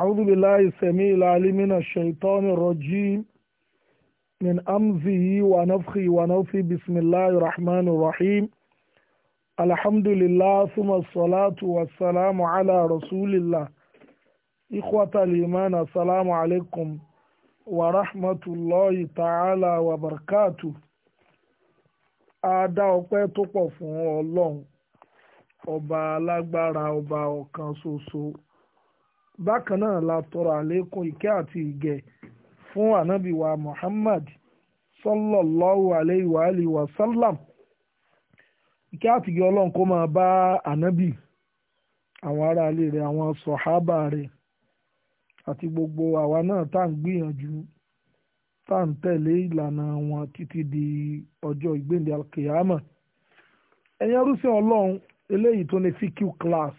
أعوذ بالله السميع العليم من الشيطان الرجيم من أمزه ونفخه ونوفي بسم الله الرحمن الرحيم الحمد لله ثم الصلاة والسلام على رسول الله إخوة الإيمان السلام عليكم ورحمة الله تعالى وبركاته Adá ọpẹ́ tó pọ̀ fún Ọlọ́run, ọba alágbára, ọba ọ̀kan ṣoṣo. bákan náà la tọrọ àlékún ìkẹ́ àti ìgẹ̀ fún ànábì wa Muhammad sallallahu alayhi wa alihi wa sallam ìkẹ́ àti ìgẹ̀ ọlọ́run kó máa bá ànábì àwọn aráalé rẹ̀ àwọn sọ̀hábà rẹ̀ àti gbogbo àwa náà tá à ń gbìyànjú tá à ń tẹ̀lé ìlànà wọn títí di ọjọ́ ìgbéǹde alkiyama ẹ̀yin arúsìn ọlọ́run eléyìí tó ní fíkú class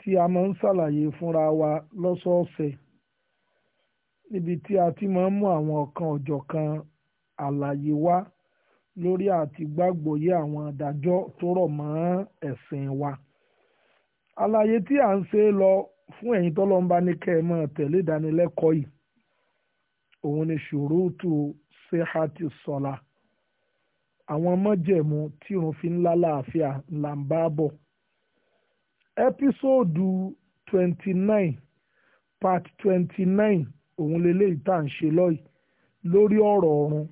tí a máa ń ṣàlàyé fúnra wa lọ́sọ̀ọ̀sẹ̀ níbi tí a ti máa ń mú àwọn ọ̀kan ọ̀jọ̀kan àlàyé wá lórí àti gbàgbọ́yé àwọn àdájọ́ tó rọ̀ mọ́ ẹ̀sìn wa. àlàyé tí à ń ṣe lọ fún ẹ̀yin tọ́lọ́ ń ní kẹ́ ẹ máa tẹ̀lé ìdánilẹ́kọ̀ọ́ yìí òun ni ṣùrùtù sehati sọlá àwọn mọ́jẹ̀mú tí òun fi ń lálàáfíà là ń bá bọ̀ ẹ́písòdù twenty nine part twenty nine òun leléyìí tá à ń ṣe lọ́yìí lórí ọ̀rọ̀ ọ̀run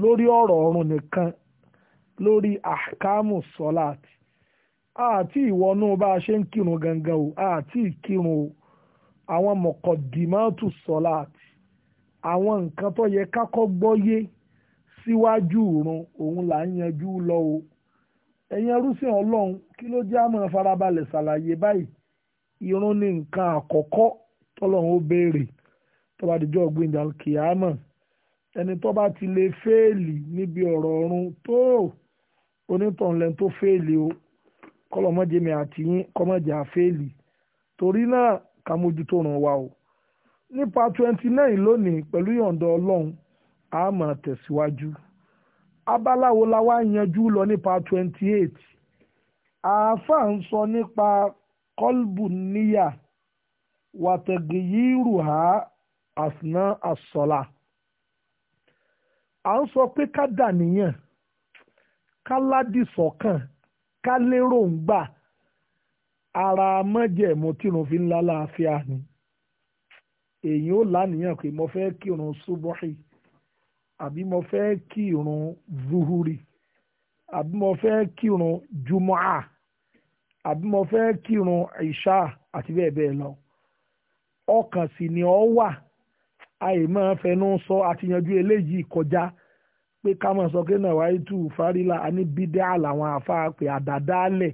lórí ọ̀rọ̀ ọ̀run nìkan lórí àkámù sọ́láàtì àti ìwọnú bá a ṣe ń kírun gangan o àti ìkírun o àwọn mọ̀kọ̀dìmọ́tù sọ́láàtì àwọn nǹkan tó yẹ kákọ́ gbọ́yé síwájú ìrun òun là ń yanjú lọ ẹ̀yin ẹrúsìn ọlọ́run kí ló jẹ́ àmọ́ farabalẹ̀ ṣàlàyé báyìí irun ní nǹkan àkọ́kọ́ tọ́lọ́run ó béèrè tó bá dijọ́ gbìyànjú kìámọ̀ ẹni tó bá ti lè fẹ́ẹ̀lì níbi ọ̀rọ̀ ọ̀run tó onítọ̀hún lẹ́nu tó fẹ́ẹ̀lì o kọ́lọ́mọ́jẹ̀mí àti yín kọ́mọ́jà fẹ́ẹ̀lì torí náà ká mójútó ràn wá o nípa twenty nine lónìí pẹ̀lú yọ̀ǹda ọlọ́run a tẹ̀síwájú. abala wo la wá yanjú lọ nípa twenty eight àáfà ń sọ nípa kọlbù níyà a àsìná àsọ̀là à ń sọ pé ká dàníyàn ká ládìsọ̀kàn ká lérò ń gbà mo mọ́jẹ̀mú tírun fi ń lálàáfíà ni èyí ó lánìyàn pé mo fẹ́ kírun súbọ́ọ̀hì. àbí mo fẹ́ kírun zuhuri àbí mo fẹ́ kírun jumu'a àbí mo fẹ́ kírun ìṣá àti bẹ́ẹ̀ bẹ́ẹ̀ lọ ọkàn sì ni ọ wà àyè máa fẹnu sọ àti yanjú eléyìí kọjá pé ká máa sọ pé náà wáyé tù fárílà àní bídẹ́à làwọn àáfàá pé àdàdálẹ̀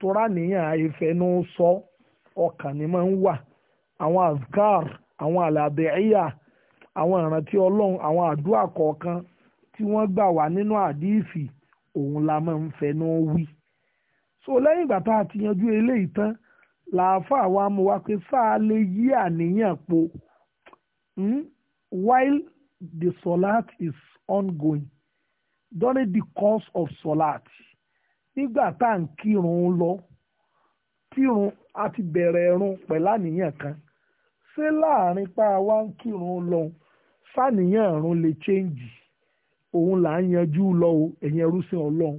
tóra nìyàn àyè fẹnu sọ ọkàn ni máa ń wà àwọn azkar àwọn àlàbẹ̀ẹ́yà àwọn ìrántí ọlọ́run àwọn àdúrà kọ̀ọ̀kan tí wọ́n gbà wá nínú àdíìsì òun la máa ń fẹnu wí. so lẹ́yìn ìgbà tá a ti yanjú eléyìí tán làáfàá wa mú wa pé sáà lè yí àníyàn po hmm? while the solat is ongoing during the course of solat nígbà tá à ń kírun lọ tírun a ti bẹ̀rẹ̀ ẹ̀rùn pẹ̀lú àníyàn kan ṣé láàrin pa wá ń kírun lọ fàníyàn ọ̀run lè chẹ́ǹgì òun là ń yanjú lọ o ẹ̀yìn ẹrúsìn ọlọ́run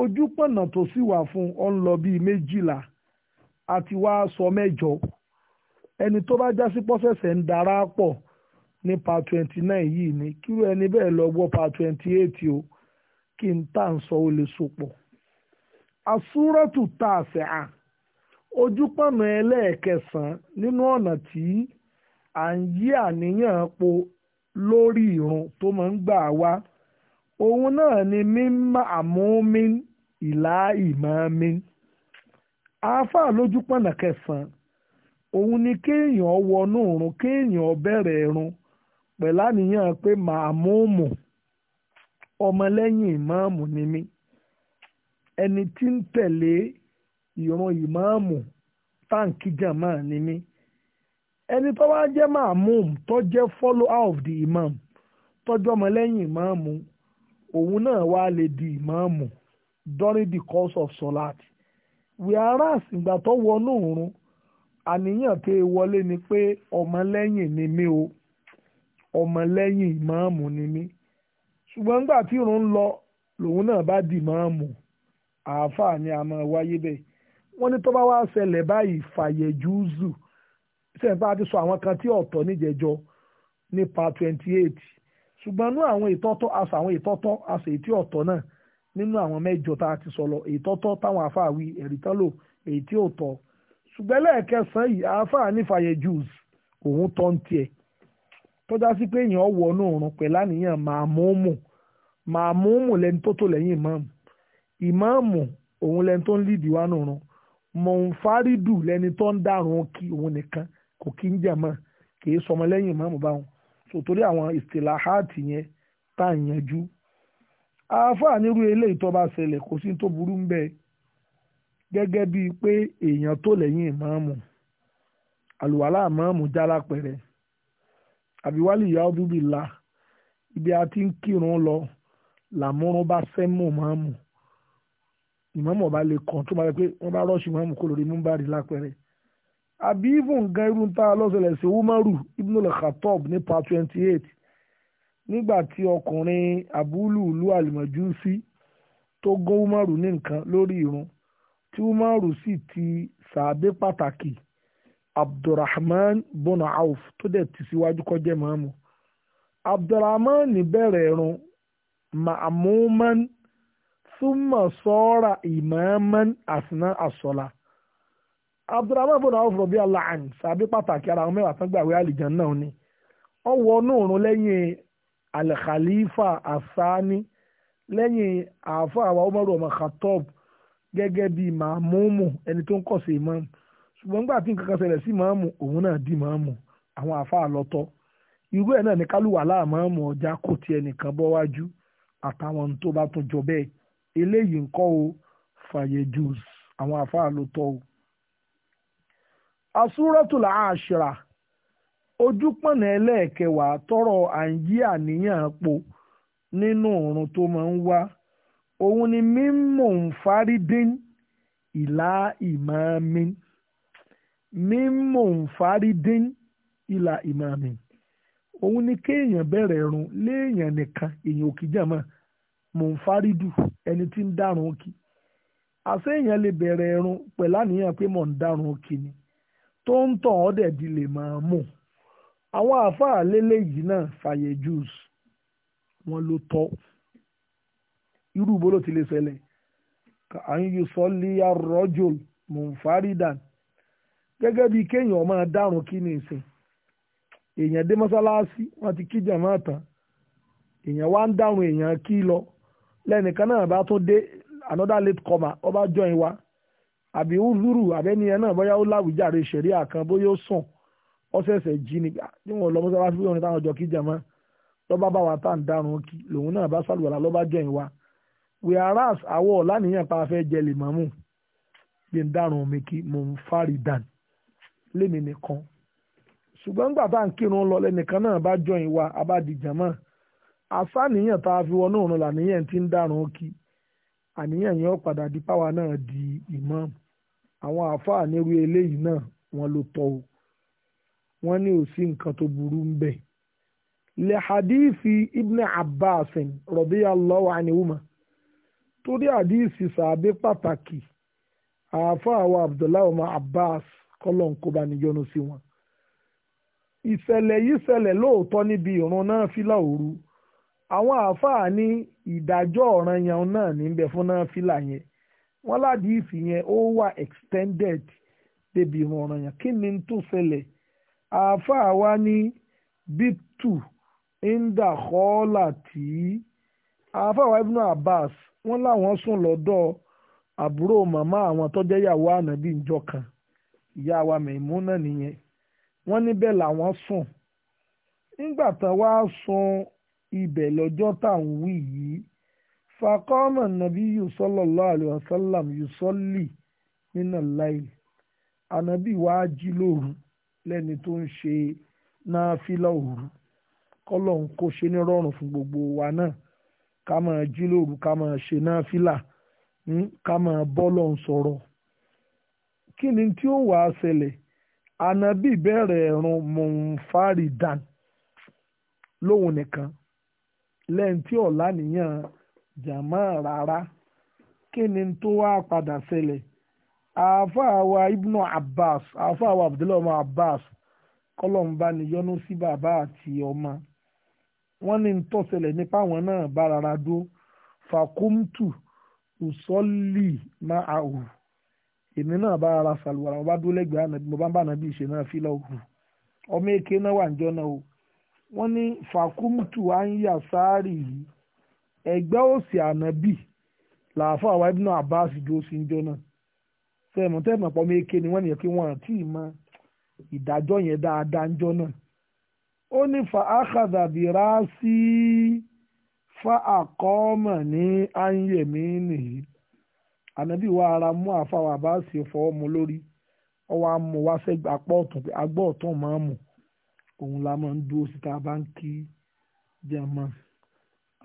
ojú pọ̀nà tó sì wà fún ọ ń lọ bíi méjìlá àti wàá sọ mẹ́jọ ẹni tó bá jásí pọ́sẹ̀sẹ̀ ń dará pọ̀ ní part twenty nine yìí ni kírú ẹni bẹ́ẹ̀ lọ gbọ́ part twenty eight o kí n tà ń sọ ó lè àsúrọ̀tù tá a ojúpọ̀nà ẹlẹ́ẹ̀kẹsàn-án nínú ọ̀nà tí à ń yí àníyàn po lórí irun tó máa ń gbà wá òun náà ni mímọ́ àmúmi ìlà ìmọ̀ọ́mi afa lójúpọ̀nà kẹsàn-án òun ni kéèyàn wọnú ìrun kéèyàn bẹ̀rẹ̀ ìrun pẹ̀lú àníyàn pé màmúùmù ọmọlẹ́yìn ni mí ẹni tí ìran ìmáàmù táǹkì jàmá ni mí ẹni tó wá jẹ́ mahmum tó jẹ́ follower of the imam tọ́jú lẹ́yìn ìmáàmù òun náà wá lè di ìmáàmù during the course of solat whereas ìgbà tó wọnú òrun àníyàn pé wọlé ni pé ọmọlẹ́yìn ni mí o ọmọlẹ́yìn ìmáàmù ni mí ṣùgbọ́n tí lọ lòun di ìmáàmù àáfàá ni a máa wọ́n ní tó bá wá ṣẹlẹ̀ báyìí fàyè júùzù sẹ́ńpá ti sọ àwọn kan tí ọ̀tọ̀ níjẹjọ nípa twenty eight ṣùgbọ́n nú àwọn ìtọ́tọ́ aṣọ àwọn ìtọ́tọ́ aṣọ ètí ọ̀tọ̀ náà nínú àwọn mẹ́jọ tá a ti sọ lọ ìtọ́tọ́ táwọn afáàwí ẹ̀rí tán lò èyí tí ò tọ́ ṣùgbọ́n lẹ́ẹ̀kẹsàn-án yìí afáà ní fàyè júùs òun tọ́ ń tiẹ̀ tọ́já sí pé èèyàn wọ inú òrùn pẹ̀lú àníyàn màmúùmù màmúùmù lẹni tó tò lẹ́yìn ìmáàmù ìmáàmù òun lẹni tó ń lídìí wá nù òrùn mọ̀nfárídù lẹni tó ń dàrún kí òun nìkan kò kí ń jẹ̀mọ́ kì í sọmọ lẹ́yìn ìmáàmù báwọn so torí àwọn ìsìláhàtì yẹn tá à ń yanjú àáfàá nírú eléyìí tó bá ṣẹlẹ̀ kò sí tó burú ń bẹ́ẹ̀ gẹ́gẹ́ bíi pé èèyàn tó lẹ́yìn ìmáàmù àlùwàlá ìmáàmù já lápẹ̀rẹ̀ àbíwálì ìyá ọdún bíi la ibi a ń kírun lọ làmúrún bá sẹ́mù ìmáàmù ìmọ̀mọ̀ ọba lè kàn tó máa yẹ pé wọ́n bá rọ́ọ̀ṣì ìmọ̀mọ̀ kó lórí múmbàrí lápẹ̀rẹ̀ àbí even gan irú ta lọ́sọ̀lẹ̀ sí umaru ibn al-khattab nípa twenty eight nígbà tí ọkùnrin abúlùlù àlùmọ̀júsí tó gún umaru ní nǹkan lórí irun tí umaru sì ti sàábé pàtàkì abdulrahman bona auf tó dẹ̀ tì síwájú kọjá ìmọ̀mọ̀ abdulrahman bẹ̀rẹ̀ irun ma'amuman súnmọ̀ sora ìmọ̀ọ́mọ́n àsìná asola. abdulrahman bọ̀dọ̀ àwọn fúnrọ̀bí aláàn sàbí pàtàkì ara àwọn mẹ́wàá tán gbàwé àlìjàn náà ni ó wọnú òrun lẹ́yìn alkhalifa asani lẹ́yìn àáfà àwa umaru ọmọ khatob gẹ́gẹ́ bíi màmúmù ẹni tó ń kọ̀ sí imam ṣùgbọ́n nígbà tí nǹkan kan ṣẹlẹ̀ sí màmù òun náà di màmù àwọn àáfà àlọ́tọ́ irú ẹ̀ náà ni kálùwà láàmú ọjà kò tiẹ̀ nìkan bọ́ wájú àtàwọn tó bá tún jọ bẹ́ẹ̀ eléyìí ńkọ́ o fàyè jùs àwọn àfáà ló tọ́ o. asúrọ́tùl àṣírà ojúpọ̀nà ẹlẹ́ẹ̀kẹwàá tọrọ àǹyí àníyàn po nínú òrùn tó máa ń wá òun ni mímọ̀ ń fárídín ìlà ìmáàmí mímọ̀ ń fárídín ìlà ìmáàmí òun ni kéèyàn bẹ̀rẹ̀ ẹ̀rùn léèyàn nìkan èèyàn òkìjà máa mọ̀nfárídù ẹni tí ń dárun kí àṣé lè bẹ̀rẹ̀ ẹ̀rùn pẹ̀lú àníyàn pé mọ̀ ń dárun ni tó ń tàn ọ́ di lè máa mú àwọn àáfàá lélẹ́yìí náà jùs wọn ló tọ́ irú ti lè ṣẹlẹ̀ àyùsọ líya rọ́jòl mọ̀nfárídàn gẹ́gẹ́ bíi kéèyàn máa dárun kí ni ìsìn èèyàn dé mọ́sálásí wọ́n ti kí jàmáà tán èèyàn wá ń dárun èèyàn lẹ́nìkan náà bá tún dé another late comer ọba join wa àbí ó lúrù àbẹ́ni ẹ náà bóyá ó láwùjáre ṣẹ̀rí àkàn bóyá ó sùn ó ṣẹ̀ṣẹ̀ jí ni bí wọn lọ mọ́sálásí fún ìrìn táwọn ọjọ́ kí jẹ̀mọ́ lọ́ba bá wa tá à ń dárun kí lòun náà bá sàlùwàlà lọ́ba join wa whereas àwọ̀ lánìyàn pa afẹ́ jẹ lè mọ́mù bí n dárun mi kí mo ń fárí dàn lémi nìkan ṣùgbọ́n nígbà ń kírun lọ lẹ́nìkan náà bá join wa abá di jẹ̀mọ́ àsàníyàn tá a fi wọnú òrun làníyàn ti ń dàrún kí àníyàn yẹn ó padà di páwa náà di imam àwọn afa nírú eléyìí náà wọn ló tọ́ o wọ́n ní ò sí nǹkan tó burú ń bẹ. lè hadithi ibn abbas radiyallahu anhuma torí hadithi sàbẹ pàtàkì àáfàá wa abdullahi ọmọ abbas kọlọ̀ ń kó bá níjọ́nu sí wọn. ìṣẹ̀lẹ̀ yìí ṣẹlẹ̀ lóòótọ́ níbi ìrun náà fílà òru àwọn àáfàá ní ìdájọ́ ọ̀ràn yẹn náà níbẹ̀ fún náà fìlà yẹn wọ́n ládìísì yẹn ó wà extended débi ìrun ọ̀ràn yẹn kí ni tó ṣẹlẹ̀ àáfàá wa ní bíptù inda kọ́ọ́là láti àáfàá wa ibnu abbas wọ́n láwọn sùn lọ́dọ̀ àbúrò màmá àwọn kan ìyá wa nìyẹn wọ́n níbẹ̀ làwọn ibẹ̀ lọ́jọ́ tá à ń wí yìí fakọ́mọ̀ nàbí sallallahu alaihi wasallam nínà láì ànábì wàá jí lóru lẹ́ni tó ń ṣe náfìlà òru kọ́lọ̀ ń kó ṣe ní rọrùn fún gbogbo wa náà ká máa jí lóru ká máa ṣe náfìlà hmm, ká máa bọ́ lọ́n sọ̀rọ̀ kí ni tí ó ṣẹlẹ̀ bẹ̀rẹ̀ lẹ́yìn tí ọ̀la nìyàn jàmọ́ rárá kí ni tó wá padà ṣẹlẹ̀ àáfàá wa ibnu abbas àáfàá wa abdullahi ọmọ abbas kọlọ́mbà ni yọ́nú sí bàbá àti ọmọ wọ́n ní tó ṣẹlẹ̀ nípa àwọn náà bá rárá dúró fàkóńtù ùsọ́lì máa àwù èmi náà bá rárá sàlùwàrà wọn bá dúró lẹ́gbẹ̀ẹ́ àná mo bá ń bá àná bí ìṣe náà fi lọ́wọ́ ọmọ èké náà wà níjọ́ náà o wọ́n ní fakumtu anya sáárì yìí ẹgbẹ́ òsì ànábì làáfà wa ibùnà abbas dúró sí njọ́ náà sẹ́ẹ̀mọ̀ tẹ́ẹ̀mọ̀ pọ̀ méke ni wọ́n nìyẹn pé wọ́n àti ìmọ̀ ìdájọ́ yẹn dáadáa njọ́ náà ó ní fa akhadha bi rasi fa àkọ́ọ̀mọ̀ ní anyẹ̀mí nìyí ànábì wa ara mú àfà wa abbas fọwọ́ mu lórí ọwọ́ amú wa sẹ́gbẹ́ apá ọ̀tún pé agbọ́ ọ̀tún máa mú òun la máa ń dúró sí tá a bá ń kí jẹ̀mọ́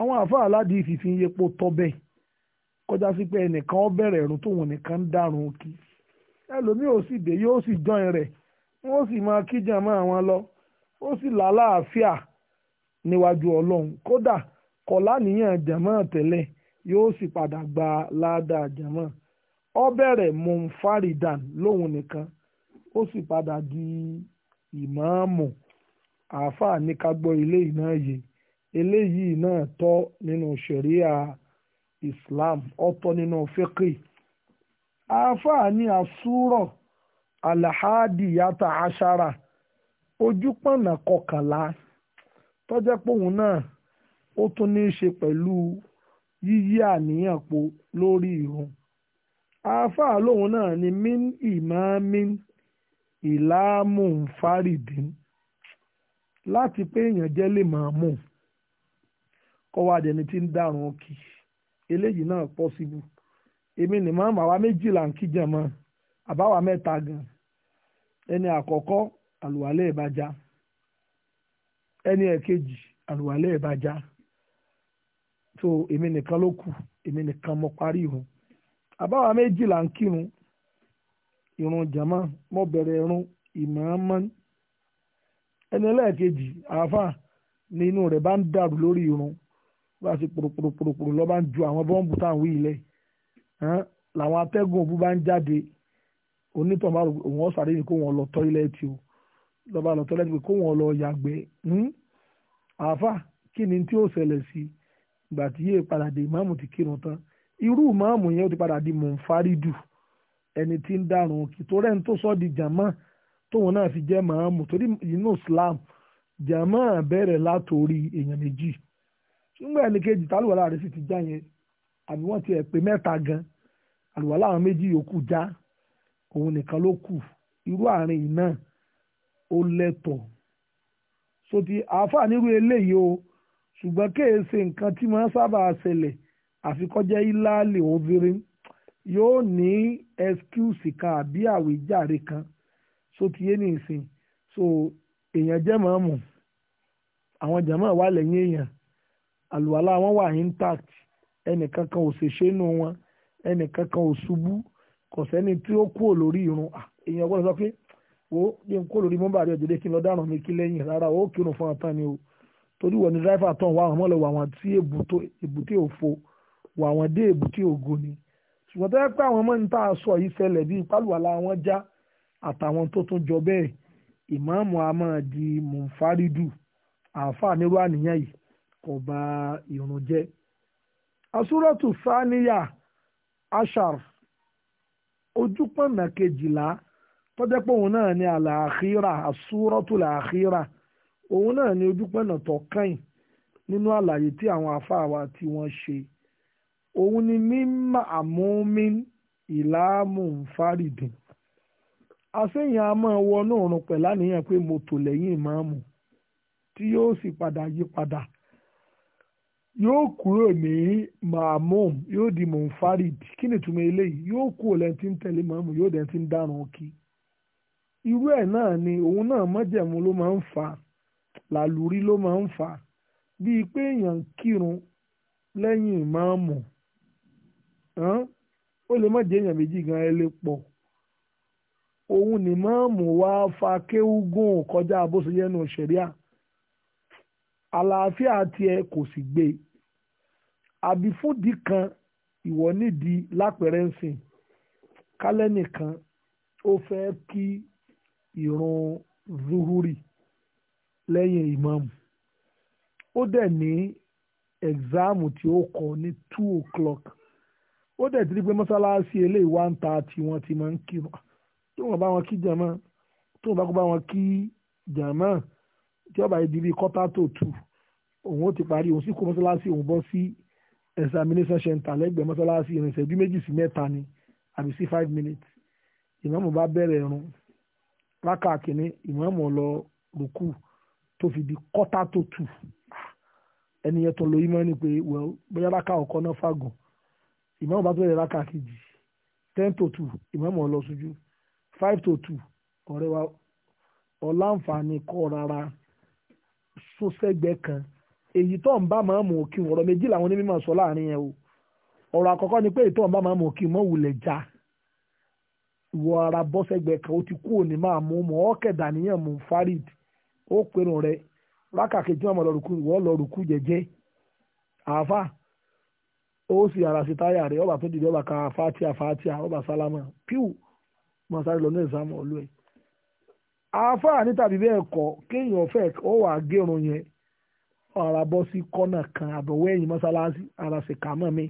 àwọn àfáà aládìí ìfìfì ń yepo tọ́ bẹ́ẹ̀ kọjá sí pé ẹnìkan ó bẹ̀rẹ̀ ẹ̀rùn tóun nìkan ń dàrún kí ẹlòmíì ò sì dé yóò sì jọyìn rẹ̀ wọ́n sì máa kí jẹ̀mọ́ àwọn lọ ó sì lálàáfíà níwájú ọlọ́run kódà kọ̀lá nìyẹn jẹ̀mọ́ tẹ́lẹ̀ yóò sì padà gba ládàá jẹ̀mọ́ ó bẹ̀rẹ̀ mumfaridan lóun nìkan ó sì padà di ìmáàmù àáfàá ní ká gbọ́ eléyìí náà yìí eléyìí náà tọ́ nínú shari'a Islam ọ̀tọ̀ nínú fẹ́kì àáfàá ní àsúrọ̀ alahadiyata ashara ojúpọ̀nà kọkànlá tọ́jẹ́ pòun náà ó tún ní í ṣe pẹ̀lú yíyí àníyàn po lórí ìrun àáfàá lòun náà ni min imamin ìlàmùnfàrìdín láti pé èèyàn jẹ́ lè máa mú kọ́ wá dẹni tí ń dàrún kì eléyìí náà pọ́síbù èmi ni máa màwa méjìlá ń kíjà mọ́ àbáwa mẹ́ta gan ẹni àkọ́kọ́ àlùwálẹ̀ ìbàjá ẹni ẹ̀kejì àlùwálẹ̀ ìbàjá tó èmi nìkan ló kù èmi nìkan mo parí ìhun àbáwa méjìlá ń kírun ìrun jàmá mo bẹ̀rẹ̀ ìrun ìmọ̀ọ́mọ́ ẹni ẹlẹ́ẹ̀kejì àáfà ni inú rẹ̀ bá ń dàrú lórí irun bá a ṣe pòròpòròpòrò lọ́ bá ń ju àwọn bọ́ǹbù tá à ń wí ilẹ̀ làwọn atẹ́gùn òbú bá ń jáde onítọ̀ọ́ bá òun ọ̀sàrí ni kó wọn lọ tọ́ílẹ̀tì o lọ́ba lọ tọ́ílẹ̀tì pé kó wọn lọ yàgbẹ́ àáfà kí ni tí ó ṣẹlẹ̀ sí ìgbà tí yéé padà dé ìmáàmù ti kírun tán irú ìmáàmù yẹn ó ti padà di mọ̀nfárídù ẹni tí ń dàrún kì tó rẹ́ni tó sọ́ di jàmáà tóun náà fi jẹ́ màámù torí inú Islam jàmá bẹ̀rẹ̀ látòrí èèyàn méjì ṣùgbọ́n ẹnì kejì tálùwàlá rẹ̀ sì ti já yẹn àbí wọ́n ti ẹ̀ pé mẹ́ta gan àlùwàlá àwọn méjì yòókù já òun nìkan ló kù irú àárín yìí náà ó lẹ́tọ̀ọ́ sotí àáfàá nírú eléyìí o ṣùgbọ́n kéè nǹkan tí wọ́n sábà ṣẹlẹ̀ àfikọ́jẹ́ ìlàlẹ̀ obìnrin yóò ní ẹ́skúùsì kan àbí àwíjàre kan so ti yé so èèyàn jẹ́ màámù àwọn jàmáà wà lẹ́yìn èèyàn àlùwàlá wọn wà intact ẹnìkan kan ò ṣèṣe nù wọn ẹnìkan kan ò ṣubú kò sẹ́ni tí ó kúrò lórí irun èèyàn gbọ́dọ̀ sọ pé wo bí n kúrò lórí mọ́bà rẹ̀ òjòdè kí n lọ dáràn mi kí lẹ́yìn rárá ó kírun fún ọ̀tán ni o torí wọ̀ ní dráìfà tán wà wọ́n lọ wà wọ́n tí èbúté òfo wà wọ́n dé èbúté ògo ni ṣùgbọ́n tó yẹ pé àwọn ọmọ níta sọ yìí ṣẹlẹ̀ bíi pálùwàlá wọn já àtàwọn tó tún jọ bẹ́ẹ̀ ìmáàmù a di mufaridu àáfàá nírú àníyàn yìí kò bà ìrun jẹ́. asúrọ̀tù sáníyà ashar ojúpọ̀nà kejìlá tọ́jẹ́ pé òun náà ni àlàáxírà asúrọ̀tù làáxírà òun náà ni ojúpọ̀nà tó kàn nínú àlàyé tí àwọn àáfàá wa tí wọ́n ṣe òun ni mímọ àmúmin ìlàmùfárídùn àṣeyàn a máa wọnú ọ̀run pẹ̀lú àníyàn pé mo tò lẹ́yìn ìmáàmù tí yóò sì padà yí padà yóò kúrò ní mahmum yóò di monfarid kí ni túmọ̀ eléyìí yóò kú ọ̀lẹ́ tí ń tẹ̀lé mahmum yóò dẹ̀ tí ń dárun kí irú ẹ̀ náà ni òun náà mọ́jẹ̀mú ló máa ń fà làlùrí ló máa ń fà bíi pé èèyàn kírun lẹ́yìn ìmáàmù ó lè má jẹ́ èèyàn méjì gan ẹ lè pọ̀ òun ni mọ́ọ̀mù wá fa kéwúgùn kọjá bó ṣe yẹnu ṣẹ̀ríà àlàáfíà tiẹ̀ kò sì gbé àbí fúdi kan ìwọ nídìí lápẹ̀rẹ̀ ń sìn kálẹ́nìkan ó fẹ́ kí ìrun zuhuri lẹ́yìn ìmáàmù ó dẹ̀ ní ẹ̀gzáàmù tí ó kọ ní two o'clock ó dẹ̀ ti rí pé mọ́sálásí eléyìí one thirty wọ́n ti máa ń kírun tí wọ́n bá wọn kí jàmá tí wọ́n bá kó bá wọn kí jàmá tí wọ́n bá yẹ di bíi quarter to two òun ó ti parí òun sì kó mọ́sálásí òun bọ́ sí examination center lẹ́gbẹ̀ẹ́ mọ́sálásí ìrìnsẹ̀ bí méjì sí mẹ́ta ni àbí sí five minutes ìmáàmù bá bẹ̀rẹ̀ ẹ̀rùn lákàkíní ìmáàmù lọ rúkú tó fi di kọ́tà tó tù ẹni yẹn tó lo ìmọ̀ ni pé well bóyá lákà ọkọ náà fàgùn ìmáàmù bá tó bẹ̀rẹ̀ lákàkejì ten to two ìmáàmù lọ five to two ọ̀rẹ́ wa ọ̀làǹfààní kọ́ rárá sọ́sẹ́gbẹ́ kan èyí tó ń bá máa mú òkì ọ̀rọ̀ méjì làwọn onímọ̀ sọ láàrin yẹn o ọ̀rọ̀ àkọ́kọ́ ni pé èyí tó ń bá máa mú òkì mọ́ wulẹ̀ já ìwọ ara bọ́ sẹ́gbẹ́ kan ó ti kú òní máa mú mọ́ farid ó rẹ rùkú jẹ́jẹ́ àáfà ó sì sí táyà rẹ tó dìde fàtíà fàtíà mọ̀ sáré lọ ní ìsámọ̀ olú ẹ̀. àáfàá ní tàbí bẹ́ẹ̀ kọ́ kéèyàn fẹ́ ó wà gérun yẹn ara bọ́ sí kọ́nà kan àbọ̀wọ́ ẹ̀yìn mọ́sálásí ara sì kà mọ́ mi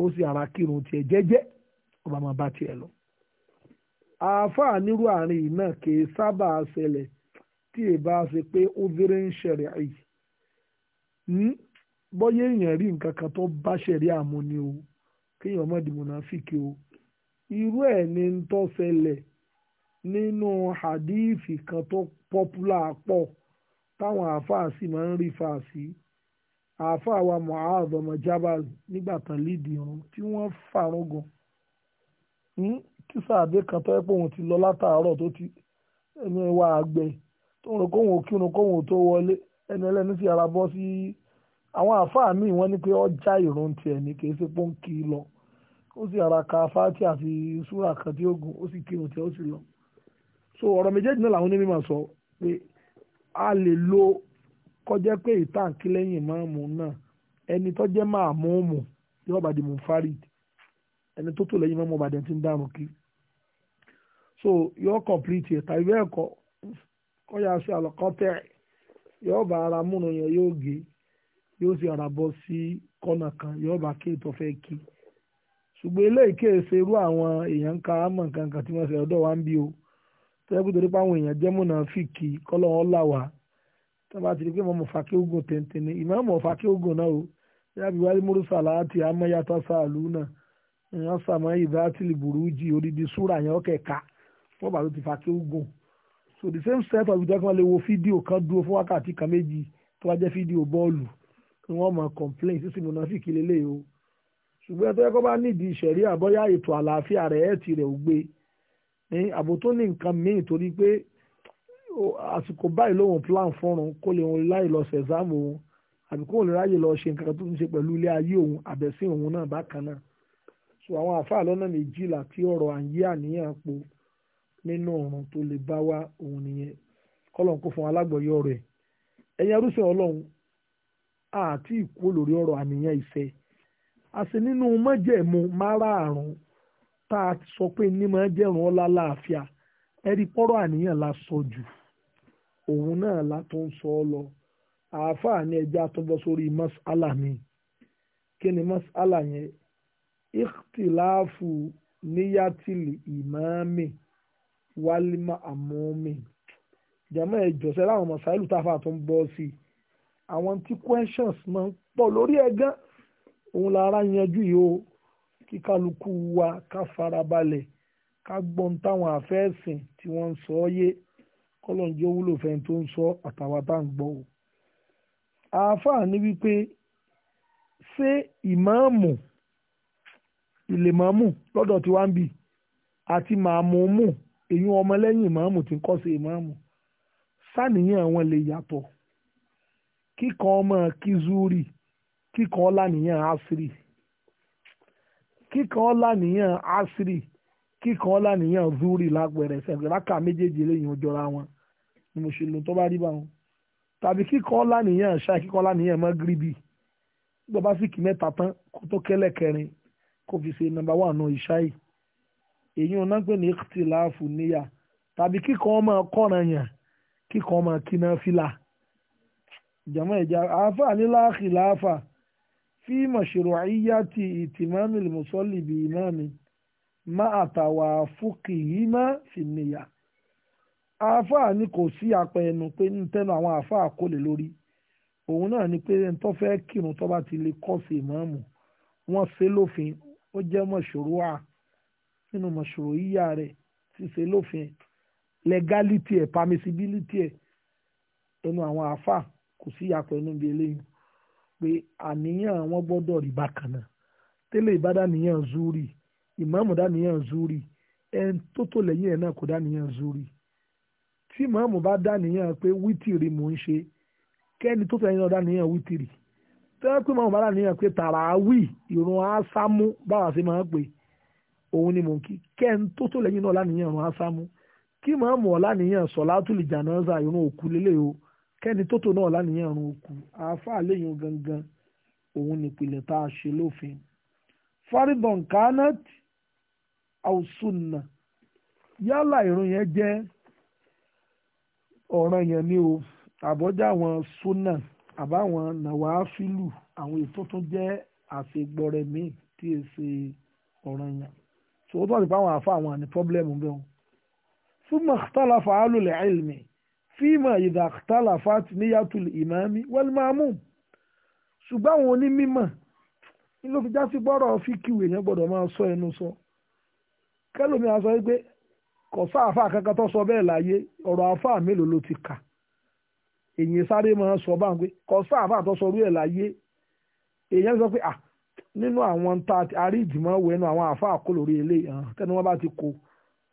ó sì ara kírun tiẹ̀ jẹ́jẹ́ ọba máa bá tiẹ̀ lọ. àáfàá nírú àárín yìí náà kì í sábà ṣẹlẹ̀ tí ì bá ṣe pé ó véré ń ṣẹ̀rẹ̀ àyè hmm? bọ́yé èèyàn rí nǹkan kan tó bá ṣẹ̀rí àmú o kéèyàn má di mùnáfíkì o irú ẹ̀ ni ń tó ṣẹlẹ̀ nínú hadithi kan tó pọ́pùlà pọ̀ táwọn àáfàá sì máa ń rí fàásì àáfàá wa Mu'adh ọmọ Jabal nígbà tán lídìí ọ̀run tí wọ́n fàrún gan hmm? kí sàdé kan tó yẹ pé òun ti lọ látàárọ̀ tó ti ẹni wa àgbẹ̀ tó ń rò kóhun òkírun kóhun tó wọlé ẹni ẹlẹ́ni sì ara bọ́ sí àwọn àáfàá míì wọ́n ní pé ọjà ìrun tiẹ̀ ní kì í ṣe pé lọ ó sì ara ka fáti àti sura kan tí ó sì kírun tí ó sì lọ so ọ̀rọ̀ méjèèjì náà làwọn onímọ̀ sọ pé a lè lo kọjá pé ìtàǹkì lẹ́yìn máàmù náà ẹni tó jẹ́ máàmù mù yóò bá di mufarid ẹni tó tó lẹ́yìn máàmù ọ̀bàdàn ti ń dànù so yóò complete ẹ̀ tàbí bẹ́ẹ̀ kọ́yà sí àlọ́kọ́tẹ̀ yóò bá ara múnu yẹn yóò gé yóò ara bọ́ sí kan yóò bá kí ìtọ́fẹ́ ṣùgbọ́n eléyìí kì í ṣe irú àwọn èèyàn ká mọ̀ kankan tí wọ́n ṣe ọ̀dọ̀ wa ń bí o tẹ́lẹ̀ pé torí pé àwọn èèyàn jẹ́ mọ̀nà fìkì kọ́lọ́wọ́ là wá tí wọ́n bá ti rí pé mọ̀mọ́ fàkí ogun tẹ̀ntẹ̀ni ìmọ̀mọ́ fàkí ogun náà o yàbí wálé mọ́rúsà láti amáyàtọ̀ sàálù náà èèyàn sàmọ́ ìdátìlì burújì odidi súra yẹn ọ̀kẹ́ka wọ́n bá ló ti fàkí ogun so the same set of ìjọba kan lè wo fídíò kan dúró fún wákàtí kan méjì tó bá jẹ́ fídíò bọ́ọ̀lù kí wọ́n máa complain sísè mọ̀nà fìkì o ṣùgbọ́n ẹ tó yẹ kó bá nídìí ìṣẹ̀rí àbọ́yá ètò àlàáfíà rẹ̀ ẹ̀ tirẹ̀ ò gbé àbò tó ní nǹkan míì torí pé àsìkò báyìí lóun plan fọ́run kó lè wọn láì lọ ṣe exam òun àbí kó lè ráyè lọ ṣe nǹkan tó ń ṣe pẹ̀lú ilé ayé òun àbẹ̀sí òun náà bákan náà so àwọn àfáà lọ́nà méjìlá tí ọ̀rọ̀ à ń yí àníyàn po nínú ọ̀run tó lè bá wá òun nìyẹn kọ́lọ̀ kó fún alágbọ̀yọ́ rẹ̀ ẹ̀yin arúṣẹ́ ọlọ́run àti ìkú lórí ọ̀rọ̀ àníyàn ìfẹ́ àti nínú mọ́jẹ̀mú márààrún tá a sọ pé ní máa jẹ̀rùn ọlá láàfíà ẹ̀rí pọ́rọ̀ àníyàn la sọ jù òun náà la tó ń sọ ọ lọ àáfàá ní ẹja tó bọ́ sórí mas'ala mi kí ni mas'ala yẹn ikhtilafu níyàtìlì ìmáàmì wálímà àmọ́mì jàmọ́ ẹ̀jọ̀ sẹ́lá àwọn mọ̀sáìlù táfà tó ń bọ́ sí àwọn tí questions máa ń pọ̀ lórí ẹ̀ gan-an òun lára yanjú yìí o kí kálukú wa ká farabalẹ̀ ká gbọ́n táwọn àfẹ́sìn tí wọ́n ń sọ yé kọ́lọ́njẹ́ wúlò fẹ́ tó ń sọ àtàwà tá à ń gbọ́ o. àáfàá ni wípé ṣé ìmáàmù ìlèmọ́mù lọ́dọ̀ tí wá ń bì àti màmúmù èyí ọmọlẹ́yìn ìmáàmù tí ń kọ́ sí ìmáàmù sàníyàn wọn lè yàtọ̀ kíkọ́ ọmọ kizuri kíkan ọlá nìyẹn asiri kíkan ọlá nìyẹn asiri kíkan ọlá nìyẹn zuri lápẹẹrẹ sẹpẹ ráka méjèèjì lẹ́yìn ọjọra wọn ni mo ṣe lò tó bá rí bá wọn tàbí kíkan ọlá nìyẹn ṣáà kíkan ọlá nìyẹn magribi gbọba síkì mẹ́ta tán kó tó kẹlẹ kẹrin kó fi ṣe nọ́mbà wà náà ìṣáì èyí ò náà pè ní ìtìláàfù níyà tàbí kíkan ọmọ kọ́ran yàn kíkan ọmọ kíná fìlà jàmọ́ ìjà àáfà níláàkì láàfà fi mashru'iyyati ìtìmáàmì mùsọ́lì bí ìmáàmì máa tàwà fúkì yìí má fi nìyà àáfàá ni kò sí apẹ̀ẹnu pé ń tẹnu àwọn àáfàá kò lè lórí òun náà ni pé ń tó fẹ́ kírun tó bá ti lè kọ́sì ìmáàmù wọ́n ṣe lófin ó jẹ́ mọ̀ṣòro à nínú mọ̀ṣòro yíyá rẹ̀ ṣíṣe lófin legality ẹ̀ permissibility ẹ̀ ẹnu àwọn àáfàá kò sí apẹ̀ẹnu bí eléyìí pé àníyàn wọn gbọ́dọ̀ rí bákan náà tẹ́lẹ̀ ìbádàníyàn zuri ìmáàmù dàníyàn zuri ẹn tó tó lẹ́yìn ẹ̀ náà kò dàníyàn zuri tí ìmáàmù bá dàníyàn pé wítìrì mò ń ṣe kẹ́ni tó tẹ̀yìn náà dàníyàn wítìrì tẹ́lẹ̀ pé ìmáàmù bá dàníyàn pé tàràwì ìrun ásámú báwa ṣe máa ń pè òun ni mò ń kí kẹ́ni tó tó lẹ́yìn náà láníyàn ìrun ásámú kí ìmáàmù ọ̀láníyàn sọ̀látùlì jánásà ìrun kẹ́ni tótó náà lánìyàn ọ̀run òkú àáfàá léyìn gangan òun nípìnlẹ̀ tá a ṣe lófin faridon kanat ausunna yálà ìrun yẹn jẹ́ ọ̀ràn yẹn ni o àbọ́jà àwọn sunna àbáwọn nàwáfílù àwọn ètò tó jẹ́ àṣegbọrẹ míì tí è ṣe ọ̀ràn yẹn ṣòwò tó ti pa àwọn àfa àwọn àní pọ́blẹ́mù bẹ́ẹ̀ fún mọ̀tàlá fàálù lẹ́ẹ̀lmì fíìmà ìdàkítàlà fati níyàtúlù ìmáàmí wẹ́lmáàmù ṣùgbọ́n àwọn onímọ̀ ní ló fi já sí gbọ́rọ̀ fíkìwé yẹn gbọ́dọ̀ máa sọ ẹnu sọ kẹlòmí a sọ wípé kò sáàfà kankan tó sọ bẹ́ẹ̀ láyé ọ̀rọ̀ àfà mélòó ló ti kà èyí sáré máa sọ báwọn pé kò sáàfà tó sọ rú ẹ̀ láyé èyàn sọ pé à nínú àwọn tá a ìdìmọ̀ wọ ẹnu àwọn àfà àkọlórí eléyìí tẹnu wọn bá ti kó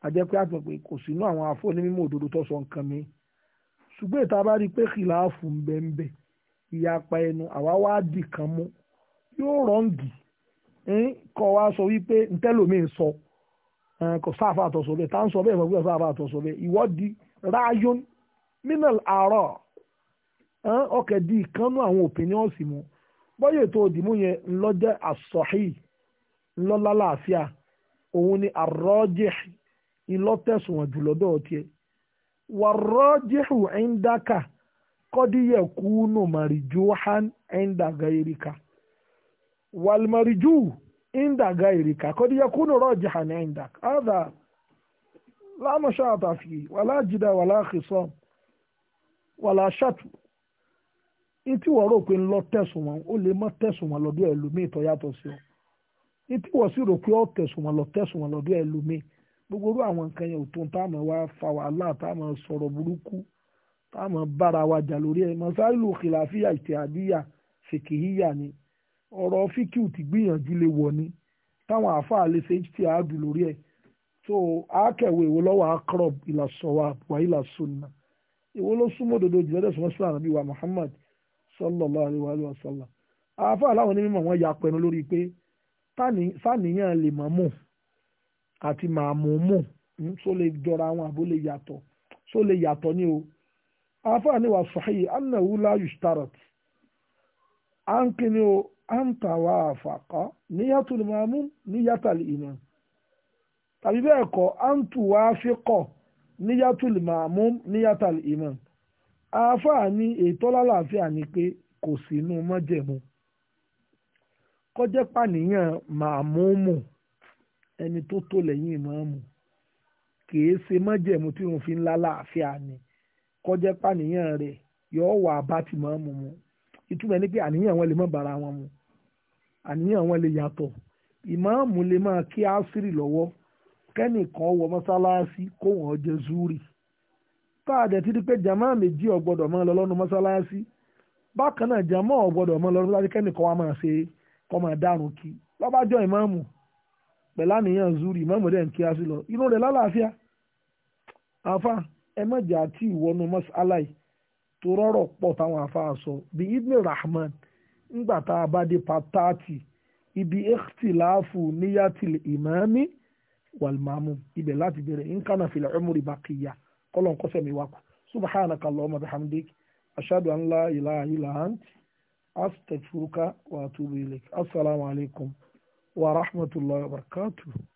a jẹ́ pé àtúnpè kò sínú àwọn àfọ onímọ̀ òdodo tó sọ nǹkan mìíràn ṣùgbọ́n ìta bá rí i pé kìláàfù ń bẹ ń bẹ ìyapa ẹnu àwa wá dì kan mú yóò rọ́ǹgì kọ́ wa sọ wípé ntẹ́lómìn sọ kò sáfà àtọ̀sọ bẹ́ẹ̀ tá ń sọ bẹ́ẹ̀ fọ́ pé sáfà àtọ̀sọ bẹ́ẹ̀ ìwọ́di ráyón mínal àárọ̀ ọkẹ́ di ìkánú àwọn opinions mu bọ́yẹ̀ tó dìmú yẹn ńlọ́jẹ́ àsọ̀hí ńlọ́lá láàfíà òun ni àrọ́jẹ́ ńlọ́tẹ̀sùn jùlọ dọ́ọ̀tiẹ̀ wàrọ́jìhù ẹ̀ńdàkà kọ́díyẹ̀ kúnú màrìjú han ẹ̀ńdàgà ìríkà wàlmàrìjú ẹ̀ńdàgà ìríkà kọ́díyẹ̀ kúnú rọ́jì han ẹ̀ńdàkà ọ̀dà lámàṣà àtàfì wàlájìdá wàláhìsọ́m wàláṣàtù ìtí wọ́n rò pé ń lọ tẹ̀sùn wọn ó lè má tẹ̀sùn wọn lọ́dọ̀ ẹlòmíì tó yàtọ̀ sí ọ ìtí wọ́n sì rò pé ó tẹ̀sùn wọn lọ tẹ̀sùn wọn lọ́dọ̀ ẹlòmíì gbogbo orú àwọn nǹkan yẹn ò tó táwọn wá fa wàhálà táwọn sọ̀rọ̀ burúkú táwọn bára wa jà lórí ẹ̀ mọ̀sálù kìláfíà ìtìhàdíyà fèkìhíyà ni ọ̀rọ̀ fíkìú ti gbìyànjú lè wọ̀ ni táwọn àáfàá lè ṣe ti àádù lórí ẹ̀ tó akẹ̀wé ìwọ lọ́wọ́ akrob ìlàsọ̀wà wà ìlàsọ̀nà ìwọ ló súnmọ́ òdodo jùlọ Muhammad sallallahu alayhi wa sallam àáfàá láwọn onímọ̀ wọn ya pẹ̀lú lórí pé sáníyàn lè mọ̀ àti màmúmù hmm, só lè jọra wọn àbó lè yàtọ̀ só lè yàtọ̀ ní o ni wa sahih annahu la yushtarat à ń kíni o à ń tà wá àfàkọ́ niyatul ma'mum niyatal imam tàbí bẹ́ẹ̀ kọ́ à ń tù wá fi kọ́ niyatul ma'mum niyatal imam àfààní ètò lálàáfíà ni pé ko sínú mọ́jẹ̀mú kọjẹ́ mu mu. ẹni tó tó lẹ́yìn ìmáàmù kìí ṣe májẹ̀mú tí òun fi ń lálàáfíà ni kọjá pàníyàn rẹ̀ yóò wà bá ti máàmù mu ìtumọ̀ ẹni pé àníyàn wọn lè má bára wọn mu àníyàn wọn lè yàtọ̀ ìmáàmù lè máa kí àṣírí lọ́wọ́ kẹ́nìkan wọ mọ́sálásí kó wọn jẹ zúrì tá a dẹ̀ ti di pé jàmáà méjì ọ̀gbọ́dọ̀ máa lọ lọ́nu mọ́sálásí bákan náà jàmáà ọ̀gbọ́dọ̀ máa lọ lọ́nu mọ́sálásí kẹ́nìkan wa máa ṣe kọ́ máa dárun kí lọ́bàjọ́ ìmáàmù pẹ̀lú àníyàn zuri mọ́mọ́dé ń kí a sí lọ inú rẹ̀ lálàáfíà àfa ẹ má jà tí ìwọ́nu mọ́sálàì tó rọ́rọ̀ pọ̀ táwọn ibn rahman ńgbà tá a bá dé pàtàkì ibi ikhtilafu niyatil walmamu ibẹ̀ láti bẹ̀rẹ̀ nkànnà filẹ̀ umri baqiya kọ́lọ̀ nkọ́sẹ̀ mi wá ashadu an wa rahmatullahi wa barakatuh.